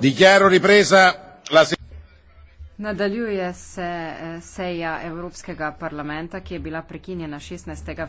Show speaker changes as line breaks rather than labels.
Dichiaro ripresa la seduta.
Nadaljuje se eh, seja Evropskega parlamenta, ki je
bila prekinjena 16. februarja.